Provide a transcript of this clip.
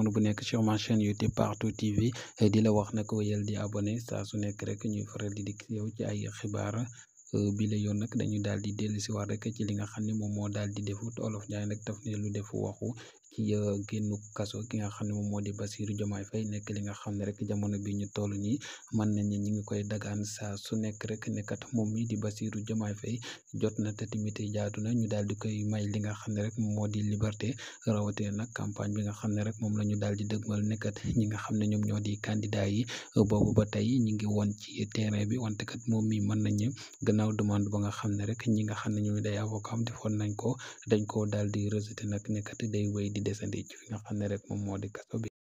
monu bu nekk sur ma chaîne YouTube Partout TV eh, di la wax nag wéyal di abonné saa su nekk rek ñuy faral di dikk yow ci ay xibaar eh, bi la yoon nag dañu daal di dellu si waat rek ci li nga xam ne moom moo daal di defu Olof Njaay nag daf ne lu defu waxu ci euh, génnu kaso ki nga xam ne moom moo di Bassirou Diomaye Faye nekk li nga xam ne rek jamono bi ñu toll nii mën nañ ne ñu ngi koy dagaan saa su nekk rek nekkat moom mii di Bassirou Diomaye Faye jot na te tamit jaadu na ñu daal di koy may li nga xam ne rek moo di liberté rawatina nag campagne bi nga xam ne rek moom la ñu daal di dëgmal nekkat ñi nga xam ne ñoom ñoo di candidat yi euh, boobu ba tey ñi ngi woon ci terrain bi wante moom mii mën nañu gannaaw demande ba nga xam ne rek ñi nga xam ne ñoom day avocat defoon nañ ko dañ ko daal di rejeté nag nekkat day wéy di desandi ci fi nga ne rek moom moo di